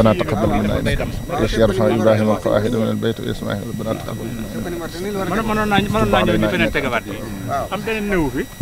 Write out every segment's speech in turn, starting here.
ربنا تقبل منا إنك إيش يرفع إبراهيم القواعد من البيت وإسماعيل ربنا تقبل منا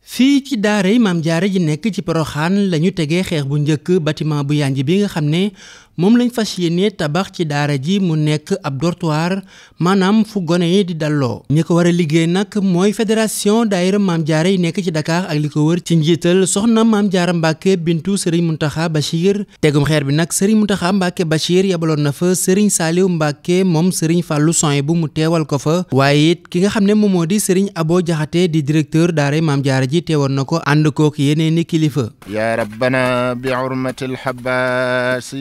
fii ci yi maam jaare ji nekk ci poroxaan lañu ñu tegee xeex bu njëkk bâtiment bu yànj bi nga xam ne moom lañ fas yéene tabax ci daara ji mu nekk ab dortoir maanaam fu gone yi di dalloo ñi ko war a liggéey nag mooy fédération daayira maam jaare yi nekk ci Dakar ak li ko wër ci njiital soxna maam jaara Mbacke bintu Serigne muntaxa Bachir tegum xeer bi nag Serigne Mountakha Mbacke Bachir yabaloon na fa Serigne Saliou Mbacke moom Serigne Fallou Soy bu mu teewal ko fa waaye it ki nga xam ne moom moo di Serigne Abo jaxatee di directeur daara Maam Jaara ji teewoon na ko ànd kook yeneen i kilifa. yaa rabbana bi hurmatil Habbaasi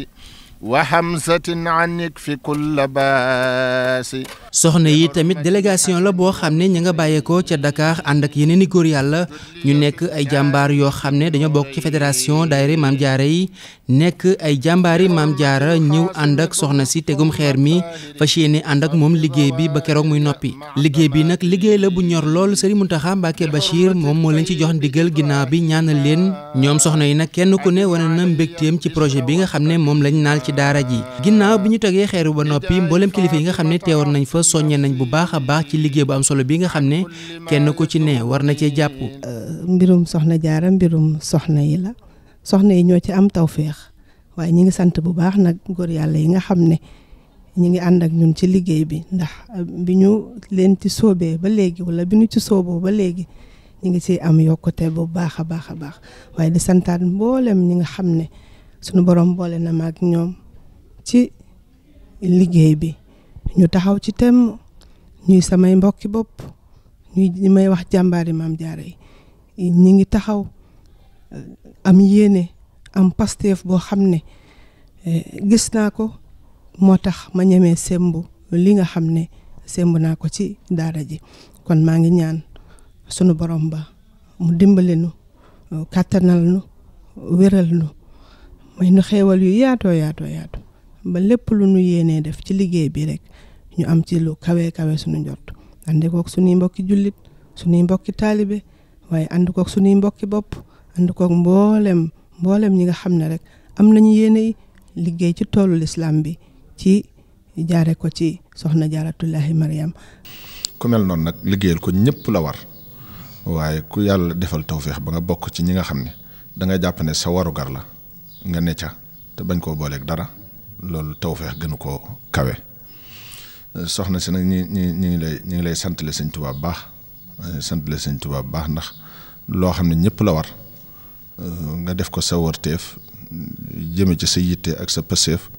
wa hamsatin annik fi kulla baasi soxna yi tamit délégation la boo xam ne ñu nga bàyyeekoo ca dakaar ànd ak yeneen i góor yàlla ñu nekk ay jàmbaar yoo xam ne dañoo bokk ci fédération daayira Maam Jaara yi nekk ay jàmbaari Maam Jaara ñëw ànd ak soxna si tegum xeer mi fas yéene ànd ak moom liggéey bi ba keroog muy noppi. liggéey bi nag liggéey la bu ñor lool Serigne Mountakha Mbacké Bachir moom moo leen ci jox ndigal ginnaaw bi ñaanal leen ñoom soxna yi nag kenn ku ne wane na ci projet bi nga xam ne moom lañ ci daara ji ginnaaw bi ñu tegee xeeru ba noppi mboolem kilifa yi nga xam ne teewoon nañ fa soññe nañ bu baax a baax ci liggéey bu am solo bi nga xam ne kenn ku ci ne war na cee jàpp. Euh, mbirum soxna jaara mbirum soxna yi la soxna yi ñoo ci am tawféex waaye ñi ngi sant bu baax nag góor yàlla yi nga xam ne ñi ngi ànd ak ñun ci liggéey bi ndax euh, bi ñu leen ci soobee ba léegi wala bi ñu ci sooboo ba léegi ñi ngi ciy am yokkute bu baax a baax a baax waaye di santaat mboolem ñi nga xam ne. sunu borom boole na ma ak ñoom ci liggéey bi ñu taxaw ci temm ñuy samay mbokki bopp ñuy may wax jàmbaari mam jaara yi ñi ngi taxaw eh, am yéene am pasteef boo xam ne eh, gis naa ko moo tax ma ñemee semb li nga xam ne semb naa ko ci daara ji kon maa ngi ñaan sunu borom ba mu nu eh, kàttanal nu wéral nu may nu xéewal yu yaato yaato yaatu ba lépp lu nu yéenee def ci liggéey bi rek ñu am ci lu kawe kawe suñu njot ànd kook suñuy mbokki jullit suñuy mbokki taalibe waaye ànd kook suñuy mbokki bopp ànd kook mboolem mboolem ñi nga xam ne rek am nañu yéene liggéey ci toolu lislaam bi ci jaaree ko ci soxna jaaratullahi Mariam. ku mel noonu nag liggéeyal ko ñëpp la war waaye ku yàlla defal tawféex ba nga bokk ci ñi nga xam ne da nga jàpp ne sa warugar la. nga ne ca te bañ koo booleek dara loolu tawfeex gënu koo kawe soxna si nag ñi ñi ñi ngi lay ñi ngi lay sant le sëñ Tuubaa baax eh, sant le sëñ Tuubaa baax ndax loo xam ne ñëpp la war eh, nga def ko sa warteef jëme ci sa yitte ak sa pëseef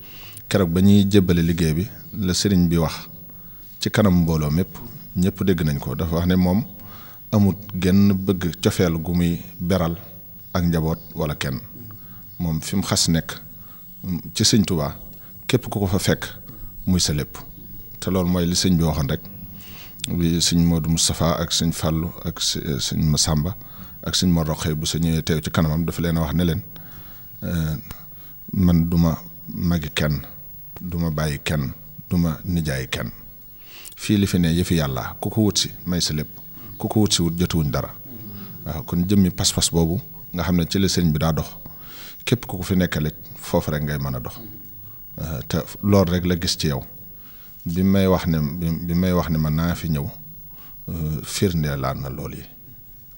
keroog ba ñuy jébbale liggéey bi la sëriñ bi wax ci kanam mbooloo mépp ñëpp dégg nañ ko dafa wax ne moom amut genn bëgg cofeel gu muy beral ak njaboot wala kenn moom fi mu xas nekk ci sëñ Tuubaa képp ku ko fa fekk muy sa lépp te loolu mooy li sëñ bi waxoon rek bi sëñ Modou Moustapha ak sëñ Fallou ak sëñ Massamba ak sëñ Mor Roqe bu sa ñëwee teew ci kanamam dafa leen wax ne leen eh, man duma magi kenn duma bàyyi kenn duma nijaay kenn fii li fi ne yëfi yàlla ku ko wut si may sa lépp ku ko wut si wut jotuwuñ dara waaw kon jëmmi pas-pas boobu nga xam ne ci la sëñ bi daa dox képp ku ko fi nekkalit foofu rek ngay mën a dox euh, te loolu rek la gis ci yow bi may wax ne bi may wax ne man naa fi ñëw euh, firndeelaan na lool yi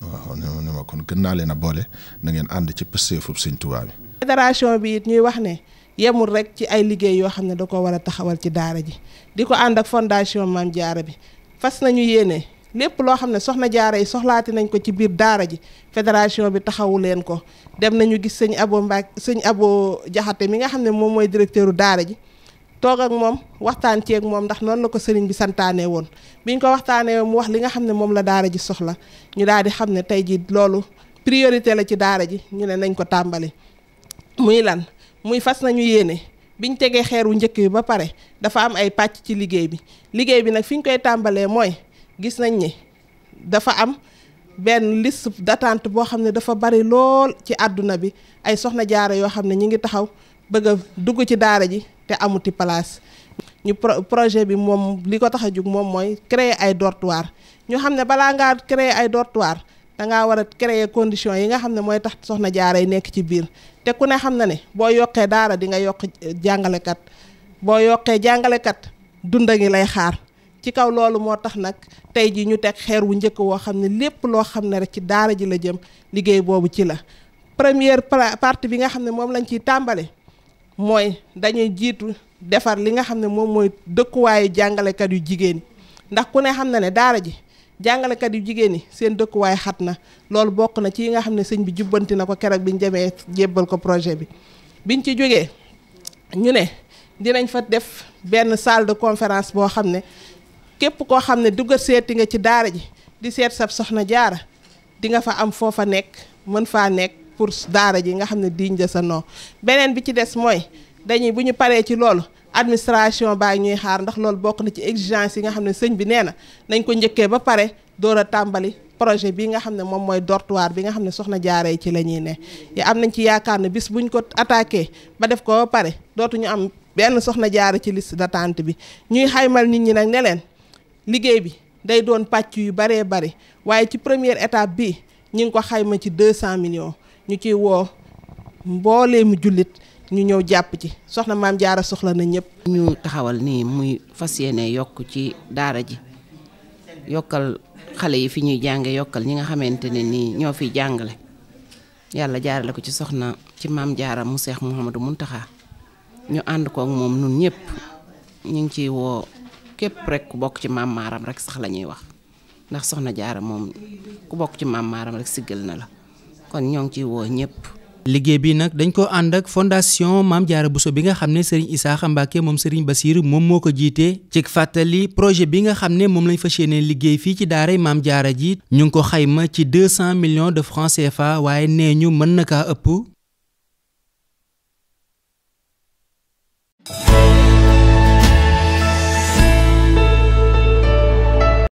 waaw ne ma ne ma kon gën naa leen a boole na ngeen ànd ci pësteefub Sëñ Tuubaa bi. fédération bi it ñuy wax ne yemul rek ci ay liggéey yoo xam ne da ko war a taxawal ci daara ji di ko ànd ak fondation Maam Jaara bi fas nañu yéene. lépp loo xam ne soxna jaara yi soxlaati nañ ko ci biir daara ji fédération bi taxawu leen ko dem nañu gis sëñ aboo mbaak sëñ abo jaxate mi nga xam ne moom mooy directeuru daara ji toog ak moom waxtaan ceeg moom ndax noonu la ko sëriñ bi santaane woon biñ ko waxtaanee mu wax li nga xam ne moom la daara ji soxla ñu daal di xam ne tey ji loolu priorité la ci daara ji ñu ne nañ ko tàmbali muy lan muy fas nañu yéene biñ tegee xeeru njëkk yi ba pare dafa am ay pàcc ci liggéey bi liggéey bi nag fi ñu koy tàmbalee mooy gis nañ ni dafa am benn liste d'attente boo xam ne dafa bari lool ci àdduna bi ay soxna jaara yoo xam ne ñu ngi taxaw bëgg dugg ci daara ji te amuti place ñu projet bi moom li ko tax a jug moom mooy créer ay dortoir ñu xam ne balaa ngaa créer ay dortoir dangaa war a créer conditions yi nga xam ne mooy tax soxna jaara yi nekk ci biir te ku ne xam na ne boo yokkee daara di nga yokk jàngalekat boo yokkee jàngalekat dunda ngi lay xaar ci kaw loolu moo tax nag tey ji ñu teg xeer wu njëkk woo xam ne lépp loo xam ne rek ci daara ji la jëm liggéey boobu ci la première partie bi nga xam ne moom lañ ciy tàmbale mooy dañuy jiitu defar li nga xam ne moom mooy dëkkuwaayu jàngalekat yu jigéen ndax ku ne xam na ne daara ji jàngalekat yu jigéen ñi seen dëkkuwaay xat na loolu bokk na ci yi nga xam ne sëñ bi jubbanti na ko keroog biñ demee jébbal ko projet bi biñ ci jógee ñu ne dinañ fa def benn salle de conférence boo xam ne képp koo xam ne dugga seeti nga ci daara ji di seet sa soxna jaara di nga fa am foofa nekk mën faa nekk pour daara ji nga xam ne diñ da sa noo beneen bi ci des mooy dañuy bu ñu paree ci loolu administration baa ñuy xaar ndax loolu bokk na ci exigence yi nga xam ne sëñ bi nee na nañ ko njëkkee ba pare door a tàmbali projet bi nga xam ne moom mooy dortoir bi nga xam ne soxna jaaree ci la ñuy ne am nañ ci yaakaar ne bis buñ ko attaqué ba def ko pare dootuñu am benn soxna jaare ci list liste d'attente bi ñuy xaymal nit ñi nag ne leen liggéey bi day doon pàcc yu baree bari waaye ci première étape bi ñu ngi ko xayma ci deux cent millions ñu ciy woo mbooleemu jullit ñu ñëw jàpp ci soxna maam jaara soxla na ñëpp. ñu taxawal nii muy fas yéene yokk ci daara ji yokkal xale yi fi ñuy jànge yokkal ñi nga xamante ne nii ñoo fiy jàngale yàlla jaarale ko ci soxna ci maam jaara mu seex Mouhamadou Mountakha ñu ànd kook moom nun ñëpp ñu ngi ciy woo. képp rek ku bokk ci maam maaram rek sax la ñuy wax ndax soxna jaara moom ku bokk ci maam maaram rek siggal na la kon ñoo ngi ciy woo ñëpp. liggéey bi nag dañ ko ànd ak fondation Maam Jaara Bousso bi nga xam ne Serigne Issakha Mbacké moom Serigne Bassir moom moo ko jiite ci fàttali projet bi nga xam ne moom lañ fas ne liggéey fii ci daaray Maam Jaara ji ñu ngi ko xayma ci 200 de francs CFA waaye nee ñu mën na kaa ëpp